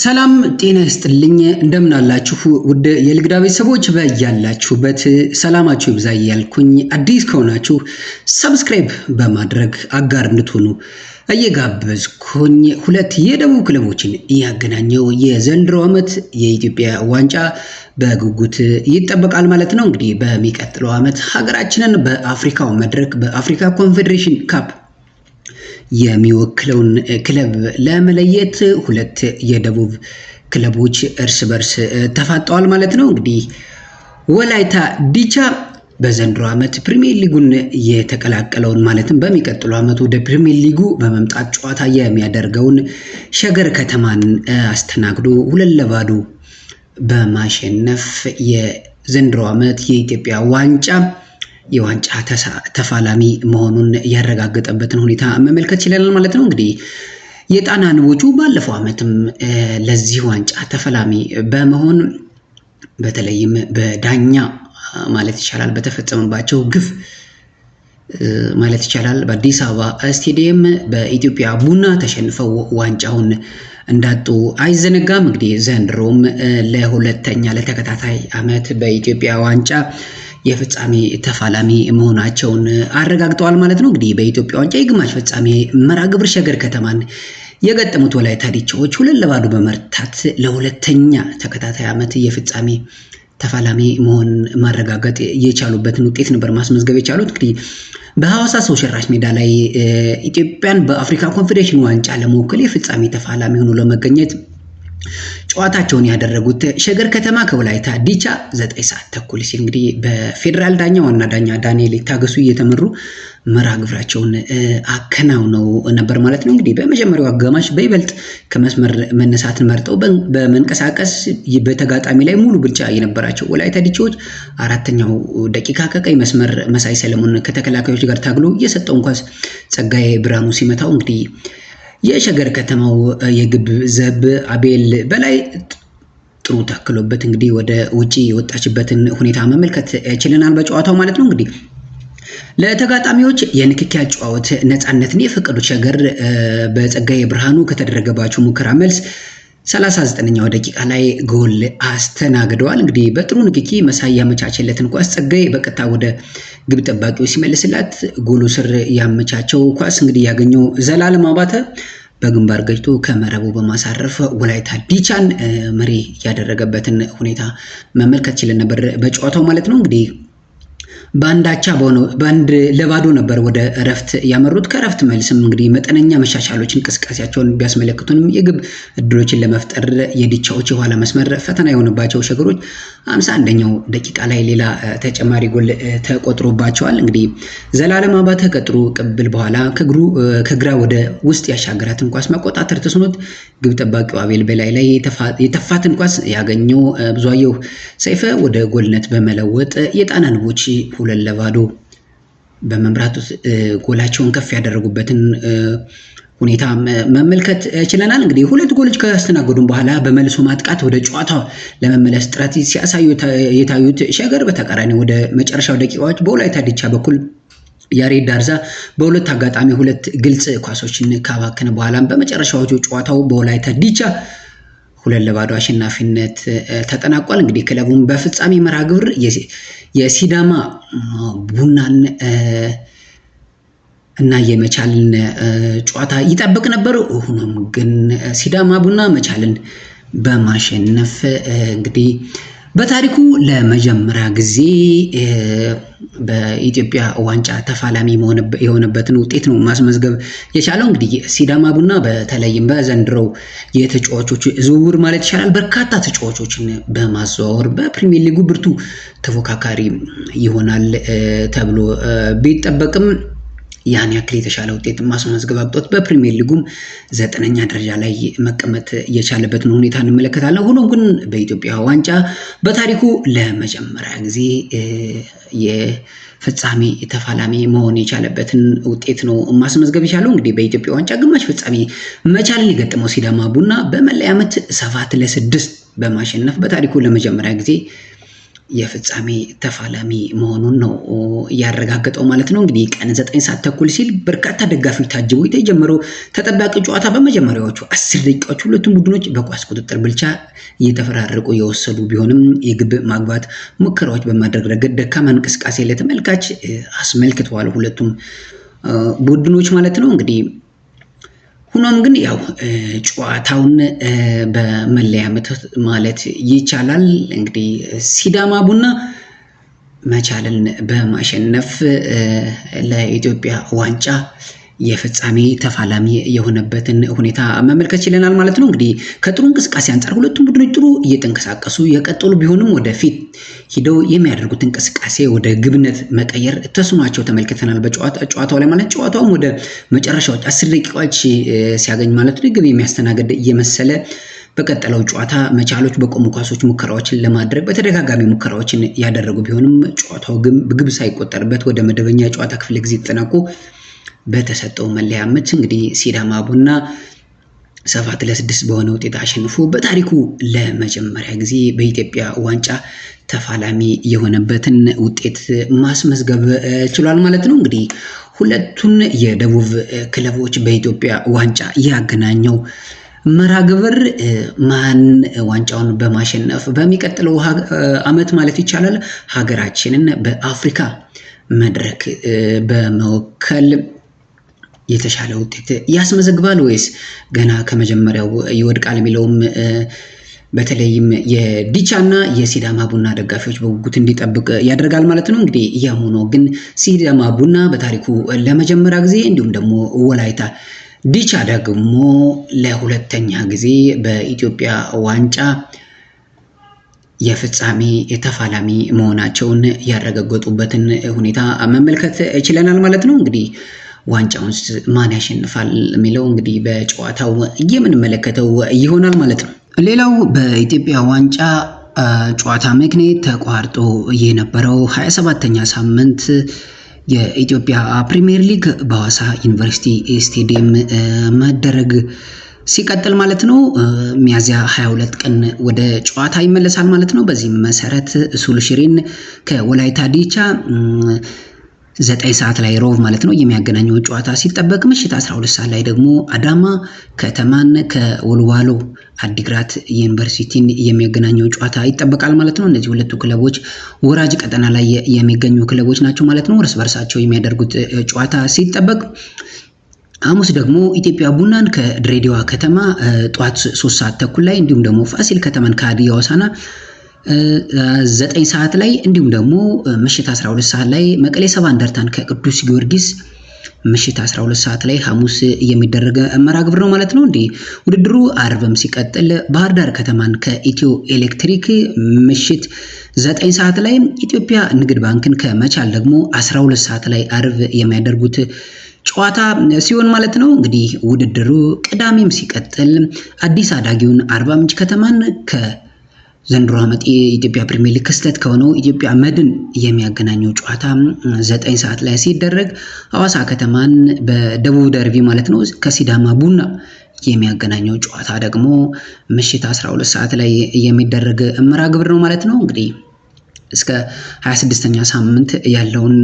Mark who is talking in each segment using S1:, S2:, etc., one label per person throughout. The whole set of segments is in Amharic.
S1: ሰላም ጤና ይስጥልኝ። እንደምን አላችሁ ውድ የልግዳ ቤተሰቦች፣ በያላችሁበት ሰላማችሁ ይብዛ እያልኩኝ አዲስ ከሆናችሁ ሰብስክራይብ በማድረግ አጋር እንድትሆኑ እየጋበዝኩኝ ሁለት የደቡብ ክለቦችን ያገናኘው የዘንድሮ ዓመት የኢትዮጵያ ዋንጫ በጉጉት ይጠበቃል ማለት ነው። እንግዲህ በሚቀጥለው ዓመት ሀገራችንን በአፍሪካው መድረክ በአፍሪካ ኮንፌዴሬሽን ካፕ የሚወክለውን ክለብ ለመለየት ሁለት የደቡብ ክለቦች እርስ በርስ ተፋጠዋል ማለት ነው። እንግዲህ ወላይታ ዲቻ በዘንድሮ ዓመት ፕሪሚየር ሊጉን የተቀላቀለውን ማለትም በሚቀጥሉ ዓመት ወደ ፕሪሚየር ሊጉ በመምጣት ጨዋታ የሚያደርገውን ሸገር ከተማን አስተናግዶ ሁለት ለባዶ በማሸነፍ የዘንድሮ ዓመት የኢትዮጵያ ዋንጫ የዋንጫ ተፋላሚ መሆኑን ያረጋገጠበትን ሁኔታ መመልከት ይችላል ማለት ነው። እንግዲህ የጣና ንቦቹ ባለፈው ዓመትም ለዚህ ዋንጫ ተፋላሚ በመሆን በተለይም በዳኛ ማለት ይቻላል በተፈጸመባቸው ግፍ ማለት ይቻላል በአዲስ አበባ ስቴዲየም በኢትዮጵያ ቡና ተሸንፈው ዋንጫውን እንዳጡ አይዘነጋም። እንግዲህ ዘንድሮም ለሁለተኛ ለተከታታይ ዓመት በኢትዮጵያ ዋንጫ የፍጻሜ ተፋላሚ መሆናቸውን አረጋግጠዋል ማለት ነው። እንግዲህ በኢትዮጵያ ዋንጫ የግማሽ ፍጻሜ መርሃ ግብር ሸገር ከተማን የገጠሙት ወላይታ ዲቻዎች ሁለት ለባዶ በመርታት ለሁለተኛ ተከታታይ ዓመት የፍጻሜ ተፋላሚ መሆን ማረጋገጥ የቻሉበትን ውጤት ነበር ማስመዝገብ የቻሉት። እንግዲህ በሐዋሳ ሰው ሰራሽ ሜዳ ላይ ኢትዮጵያን በአፍሪካ ኮንፌዴሬሽን ዋንጫ ለመወከል የፍጻሜ ተፋላሚ ሆኖ ለመገኘት ጨዋታቸውን ያደረጉት ሸገር ከተማ ከወላይታ ዲቻ ዘጠኝ ሰዓት ተኩል ሲል እንግዲህ በፌዴራል ዳኛ ዋና ዳኛ ዳንኤል ይታገሱ እየተመሩ መርሃ ግብራቸውን አከናውነው ነበር ማለት ነው። እንግዲህ በመጀመሪያው አጋማሽ በይበልጥ ከመስመር መነሳትን መርጠው በመንቀሳቀስ በተጋጣሚ ላይ ሙሉ ብልጫ የነበራቸው ወላይታ ዲቻዎች አራተኛው ደቂቃ ከቀይ መስመር መሳይ ሰለሞን ከተከላካዮች ጋር ታግሎ የሰጠውን ኳስ ጸጋዬ ብርሃኑ ሲመታው እንግዲህ የሸገር ከተማው የግብ ዘብ አቤል በላይ ጥሩ ታክሎበት እንግዲህ ወደ ውጪ የወጣችበትን ሁኔታ መመልከት ችለናል፣ በጨዋታው ማለት ነው እንግዲህ ለተጋጣሚዎች የንክኪ አጨዋወት ነፃነትን የፈቀዱት ሸገር በጸጋዬ ብርሃኑ ከተደረገባቸው ሙከራ መልስ 39ኛው ደቂቃ ላይ ጎል አስተናግደዋል። እንግዲህ በጥሩ ንክኪ መሳይ ያመቻቸለትን ኳስ ጸጋይ በቀጥታ ወደ ግብ ጠባቂው ሲመልስላት ጎሉ ስር ያመቻቸው ኳስ እንግዲህ ያገኘው ዘላለም አባተ በግንባር ገጭቶ ከመረቡ በማሳረፍ ወላይታ ዲቻን መሪ ያደረገበትን ሁኔታ መመልከት ችለን ነበር በጨዋታው ማለት ነው እንግዲህ በአንዳቻ በሆነው በአንድ ለባዶ ነበር ወደ እረፍት ያመሩት። ከእረፍት መልስም እንግዲህ መጠነኛ መሻሻሎች እንቅስቃሴያቸውን ቢያስመለክቱንም የግብ እድሎችን ለመፍጠር የዲቻዎች የኋላ መስመር ፈተና የሆነባቸው ሸገሮች አምሳ አንደኛው ደቂቃ ላይ ሌላ ተጨማሪ ጎል ተቆጥሮባቸዋል። እንግዲህ ዘላለም አባተ ከጥሩ ቅብል በኋላ ከግራ ወደ ውስጥ ያሻገራትን ኳስ መቆጣጠር ተስኖት ግብ ጠባቂው አቤል በላይ ላይ የተፋትን ኳስ ያገኘው ብዙአየሁ ሰይፈ ወደ ጎልነት በመለወጥ የጣና ንቦች ሁለት ለባዶ በመምራት ጎላቸውን ከፍ ያደረጉበትን ሁኔታ መመልከት ችለናል። እንግዲህ ሁለት ጎሎች ካስተናገዱም በኋላ በመልሶ ማጥቃት ወደ ጨዋታ ለመመለስ ጥረት ሲያሳዩ የታዩት ሸገር በተቃራኒ ወደ መጨረሻው ደቂቃዎች በወላይታ ዲቻ በኩል ያሬድ ዳርዛ በሁለት አጋጣሚ ሁለት ግልጽ ኳሶችን ካባከነ በኋላም በመጨረሻዎቹ ጨዋታው በወላይታ ዲቻ ሁለት ለባዶ አሸናፊነት ተጠናቋል። እንግዲህ ክለቡን በፍጻሜ መርሃ ግብር የሲዳማ ቡናን እና የመቻልን ጨዋታ ይጠብቅ ነበር። ሆኖም ግን ሲዳማ ቡና መቻልን በማሸነፍ እንግዲህ በታሪኩ ለመጀመሪያ ጊዜ በኢትዮጵያ ዋንጫ ተፋላሚ የሆነበትን ውጤት ነው ማስመዝገብ የቻለው። እንግዲህ ሲዳማ ቡና በተለይም በዘንድሮው የተጫዋቾች ዝውውር ማለት ይቻላል በርካታ ተጫዋቾችን በማዘዋወር በፕሪሚየር ሊጉ ብርቱ ተፎካካሪ ይሆናል ተብሎ ቢጠበቅም ያን ያክል የተሻለ ውጤት ማስመዝገብ አብጦት በፕሪሚየር ሊጉም ዘጠነኛ ደረጃ ላይ መቀመጥ የቻለበትን ሁኔታ እንመለከታለን። ሆኖም ግን በኢትዮጵያ ዋንጫ በታሪኩ ለመጀመሪያ ጊዜ የፍጻሜ ተፋላሚ መሆን የቻለበትን ውጤት ነው ማስመዝገብ የቻለው። እንግዲህ በኢትዮጵያ ዋንጫ ግማሽ ፍጻሜ መቻልን የገጠመው ሲዳማ ቡና በመለያ ምት ሰባት ለስድስት በማሸነፍ በታሪኩ ለመጀመሪያ ጊዜ የፍጻሜ ተፋላሚ መሆኑን ነው ያረጋገጠው ማለት ነው። እንግዲህ ቀን ዘጠኝ ሰዓት ተኩል ሲል በርካታ ደጋፊዎች ታጅቦ የተጀመረው ተጠባቂ ጨዋታ በመጀመሪያዎቹ አስር ደቂቃዎች ሁለቱም ቡድኖች በኳስ ቁጥጥር ብልቻ እየተፈራረቁ የወሰዱ ቢሆንም የግብ ማግባት ሙከራዎች በማድረግ ረገድ ደካማ እንቅስቃሴ ለተመልካች አስመልክተዋል ሁለቱም ቡድኖች ማለት ነው እንግዲህ ሁኖም ግን ያው ጨዋታውን በመለያ ምት ማለት ይቻላል እንግዲህ ሲዳማ ቡና መቻልን በማሸነፍ ለኢትዮጵያ ዋንጫ የፍጻሜ ተፋላሚ የሆነበትን ሁኔታ መመልከት ችለናል ማለት ነው። እንግዲህ ከጥሩ እንቅስቃሴ አንጻር ሁለቱም ቡድኖች ጥሩ እየተንቀሳቀሱ የቀጠሉ ቢሆንም ወደፊት ሂደው የሚያደርጉት እንቅስቃሴ ወደ ግብነት መቀየር ተስኗቸው ተመልክተናል በጨዋታው ላይ ማለት ጨዋታውም ወደ መጨረሻዎች አስር ደቂቃዎች ሲያገኝ ማለት ነው ግብ የሚያስተናግድ እየመሰለ በቀጠለው ጨዋታ መቻሎች በቆሙ ኳሶች ሙከራዎችን ለማድረግ በተደጋጋሚ ሙከራዎችን ያደረጉ ቢሆንም ጨዋታው ግን ግብ ሳይቆጠርበት ወደ መደበኛ ጨዋታ ክፍለ ጊዜ ተጠናቆ በተሰጠው መለያ ምት እንግዲህ ሲዳማ ቡና ሰባት ለስድስት በሆነ ውጤት አሸንፎ በታሪኩ ለመጀመሪያ ጊዜ በኢትዮጵያ ዋንጫ ተፋላሚ የሆነበትን ውጤት ማስመዝገብ ችሏል ማለት ነው። እንግዲህ ሁለቱን የደቡብ ክለቦች በኢትዮጵያ ዋንጫ ያገናኘው መርሃ ግብር ማን ዋንጫውን በማሸነፍ በሚቀጥለው ዓመት ማለት ይቻላል ሀገራችንን በአፍሪካ መድረክ በመወከል የተሻለ ውጤት ያስመዘግባል ወይስ ገና ከመጀመሪያው ይወድቃል የሚለውም በተለይም የዲቻና የሲዳማ ቡና ደጋፊዎች በጉጉት እንዲጠብቅ ያደርጋል ማለት ነው። እንግዲህ ያም ሆኖ ግን ሲዳማ ቡና በታሪኩ ለመጀመሪያ ጊዜ እንዲሁም ደግሞ ወላይታ ዲቻ ደግሞ ለሁለተኛ ጊዜ በኢትዮጵያ ዋንጫ የፍጻሜ ተፋላሚ መሆናቸውን ያረጋገጡበትን ሁኔታ መመልከት ችለናል ማለት ነው። እንግዲህ ዋንጫውን ማን ያሸንፋል የሚለው እንግዲህ በጨዋታው የምንመለከተው ይሆናል ማለት ነው። ሌላው በኢትዮጵያ ዋንጫ ጨዋታ ምክንያት ተቋርጦ የነበረው 27ኛ ሳምንት የኢትዮጵያ ፕሪሚየር ሊግ በሐዋሳ ዩኒቨርሲቲ ስቴዲየም መደረግ ሲቀጥል ማለት ነው ሚያዚያ 22 ቀን ወደ ጨዋታ ይመለሳል ማለት ነው። በዚህም መሰረት ሱልሽሪን ከወላይታ ዲቻ ዘጠኝ ሰዓት ላይ ሮብ ማለት ነው የሚያገናኘው ጨዋታ ሲጠበቅ ምሽት 12 ሰዓት ላይ ደግሞ አዳማ ከተማን ከወልዋሎ አዲግራት ዩኒቨርሲቲን የሚያገናኘው ጨዋታ ይጠበቃል ማለት ነው። እነዚህ ሁለቱ ክለቦች ወራጅ ቀጠና ላይ የሚገኙ ክለቦች ናቸው ማለት ነው። እርስ በርሳቸው የሚያደርጉት ጨዋታ ሲጠበቅ ሐሙስ ደግሞ ኢትዮጵያ ቡናን ከድሬዳዋ ከተማ ጠዋት ሶስት ሰዓት ተኩል ላይ እንዲሁም ደግሞ ፋሲል ከተማን ከሀዲያ ሆሳዕና ዘጠኝ ሰዓት ላይ እንዲሁም ደግሞ ምሽት 12 ሰዓት ላይ መቀሌ ሰባ እንደርታን ከቅዱስ ጊዮርጊስ ምሽት 12 ሰዓት ላይ ሐሙስ የሚደረገ መርሃ ግብር ነው ማለት ነው። እንዲህ ውድድሩ አርብም ሲቀጥል ባህር ዳር ከተማን ከኢትዮ ኤሌክትሪክ ምሽት 9 ሰዓት ላይ ኢትዮጵያ ንግድ ባንክን ከመቻል ደግሞ 12 ሰዓት ላይ አርብ የሚያደርጉት ጨዋታ ሲሆን ማለት ነው። እንግዲህ ውድድሩ ቅዳሜም ሲቀጥል አዲስ አዳጊውን አርባ ምንጭ ከተማን ከዘንድሮ ዓመት የኢትዮጵያ ፕሪሚየር ሊግ ክስተት ከሆነው ኢትዮጵያ መድን የሚያገናኘው ጨዋታ ዘጠኝ ሰዓት ላይ ሲደረግ ሐዋሳ ከተማን በደቡብ ደርቢ ማለት ነው ከሲዳማ ቡና የሚያገናኘው ጨዋታ ደግሞ ምሽት 12 ሰዓት ላይ የሚደረግ መርሃ ግብር ነው ማለት ነው እንግዲህ እስከ 26ኛ ሳምንት ያለውን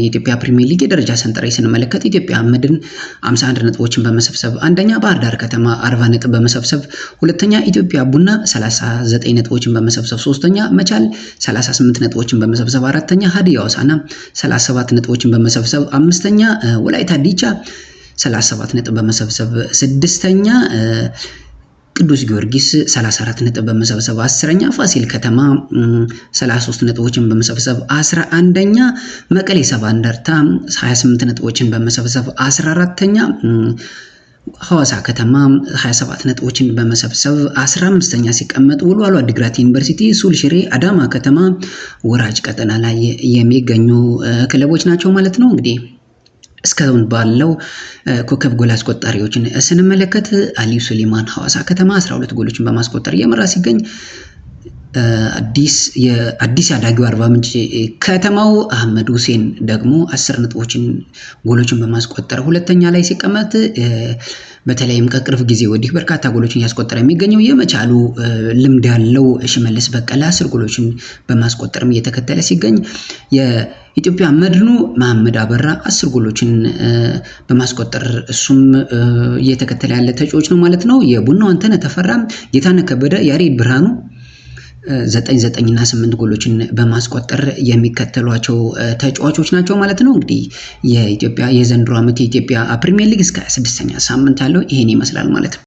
S1: የኢትዮጵያ ፕሪሚየር ሊግ የደረጃ ሰንጠረዥ ስንመለከት ኢትዮጵያ መድን 51 ነጥቦችን በመሰብሰብ አንደኛ፣ ባህር ዳር ከተማ 40 ነጥብ በመሰብሰብ ሁለተኛ፣ ኢትዮጵያ ቡና 39 ነጥቦችን በመሰብሰብ ሶስተኛ፣ መቻል 38 ነጥቦችን በመሰብሰብ አራተኛ፣ ሀዲያ ሆሳዕና 37 ነጥቦችን በመሰብሰብ አምስተኛ፣ ወላይታ ዲቻ 37 ነጥብ በመሰብሰብ ስድስተኛ ቅዱስ ጊዮርጊስ 34 ነጥብ በመሰብሰብ አስረኛ፣ ፋሲል ከተማ 33 ነጥቦችን በመሰብሰብ 11ኛ፣ መቀሌ ሰባ እንደርታ 28 ነጥቦችን በመሰብሰብ 14 ኛ ሐዋሳ ከተማ 27 ነጥቦችን በመሰብሰብ 15ኛ ሲቀመጥ ውሏሉ። አዲግራት ዩኒቨርሲቲ፣ ሱል ሽሬ፣ አዳማ ከተማ ወራጅ ቀጠና ላይ የሚገኙ ክለቦች ናቸው ማለት ነው እንግዲህ እስካሁን ባለው ኮከብ ጎል አስቆጣሪዎችን ስንመለከት አሊ ሱሌማን ሐዋሳ ከተማ 12 ጎሎችን በማስቆጠር እየመራ ሲገኝ አዲስ አዳጊው አርባ ምንጭ ከተማው አህመድ ሁሴን ደግሞ አስር ነጥቦችን ጎሎችን በማስቆጠር ሁለተኛ ላይ ሲቀመጥ በተለይም ከቅርብ ጊዜ ወዲህ በርካታ ጎሎችን እያስቆጠረ የሚገኘው የመቻሉ ልምድ ያለው ሽመልስ በቀለ አስር ጎሎችን በማስቆጠርም እየተከተለ ሲገኝ ኢትዮጵያ መድኑ መሐመድ አበራ አስር ጎሎችን በማስቆጠር እሱም እየተከተለ ያለ ተጫዋች ነው ማለት ነው። የቡናው አንተነ ተፈራ፣ ጌታነ ከበደ፣ ያሬድ ብርሃኑ ዘጠኝ ዘጠኝ እና ስምንት ጎሎችን በማስቆጠር የሚከተሏቸው ተጫዋቾች ናቸው ማለት ነው። እንግዲህ የኢትዮጵያ የዘንድሮ ዓመት የኢትዮጵያ ፕሪሚየር ሊግ እስከ 26ኛ ሳምንት አለው ይሄን ይመስላል ማለት ነው።